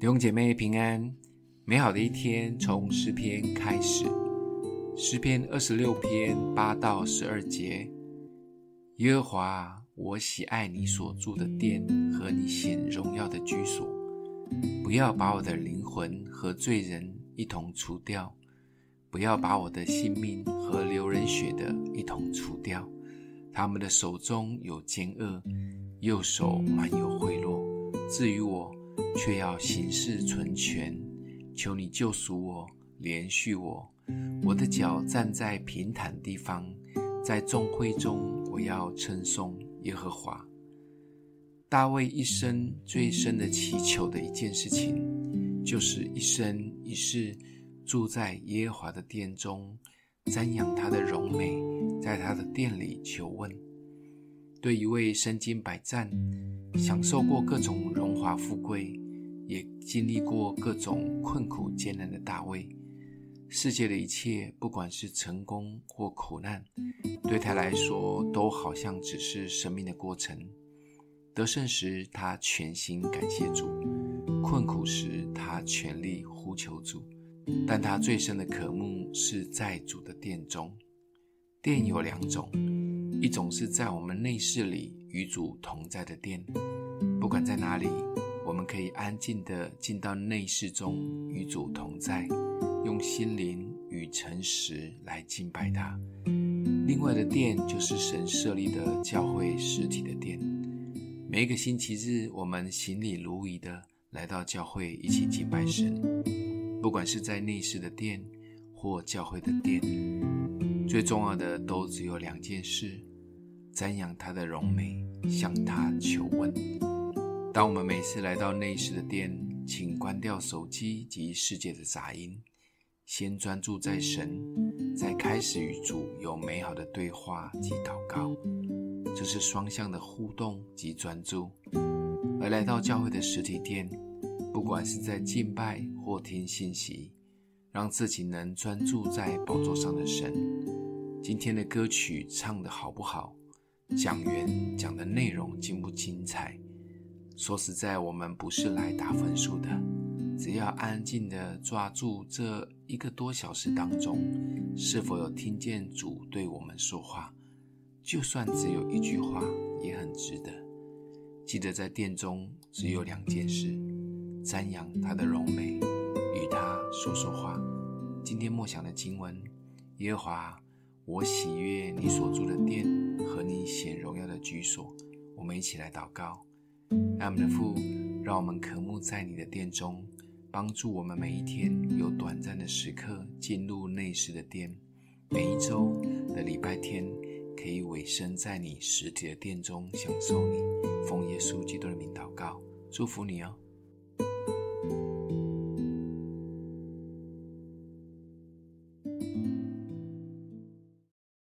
弟兄姐妹平安，美好的一天從詩篇開始。詩篇二十六篇八到十二節：耶和華，我喜愛你所住的殿和你顯榮耀的居所。不要把我的靈魂和罪人一同除掉，不要把我的性命和流人血的一同除掉。他們的手中有奸惡，右手滿有賄賂。至於我。卻要行事純全，求你救贖我，憐恤我。我的腳站在平坦地方，在眾會中，我要稱頌耶和華。大衛一生最深的祈求的一件事情，就是一生一世住在耶和華的殿中，瞻仰他的榮美，在他的殿裡求問。對一位身經百戰、享受過各種榮華富貴，也經歷過各種困苦艱難的大衛，世界的一切，不管是成功或苦難，對他來說都好像只是生命的過程。得勝時，他全心感謝主；困苦時，他全力呼求主。但他最深的渴慕是在主的殿中。殿有兩種。一種是在我們內室裡與主同在的殿，不管在哪裡，我們可以安靜的進到內室中與主同在，用心靈與誠實來敬拜他。另外的殿就是神設立的教會實體的殿，每一個星期日，我們行禮如儀的來到教會一起敬拜神。不管是在內室的殿或教會的殿，最重要的都只有兩件事：瞻仰他的榮美，向他求問。當我們每次來到內室的殿，請關掉手機及世界的雜音，先專注在神，再開始與主有美好的對話及禱告。這、就是雙向的互動及專注。而來到教會的實體殿，不管是在敬拜或聽信息，讓自己能專注在寶座上的神。今天的歌曲唱的好不好？講員講的內容精不精彩？說實在，我們不是來打分數的，只要安靜的抓住這一個多小時當中，是否有聽見主對我們說話？就算只有一句話，也很值得。記得在殿中只有兩件事：瞻仰他的榮美，與他說說話。今天默想的經文，耶和華。我喜悅你所住的殿和你顯榮耀的居所，我們一起來禱告，愛我們的父，讓我們渴慕在你的殿中，幫助我們每一天有短暫的時刻進入內室的殿。每一周的禮拜天可以委身在你實體的殿中，享受你。奉耶穌基督的名禱告，祝福你哦。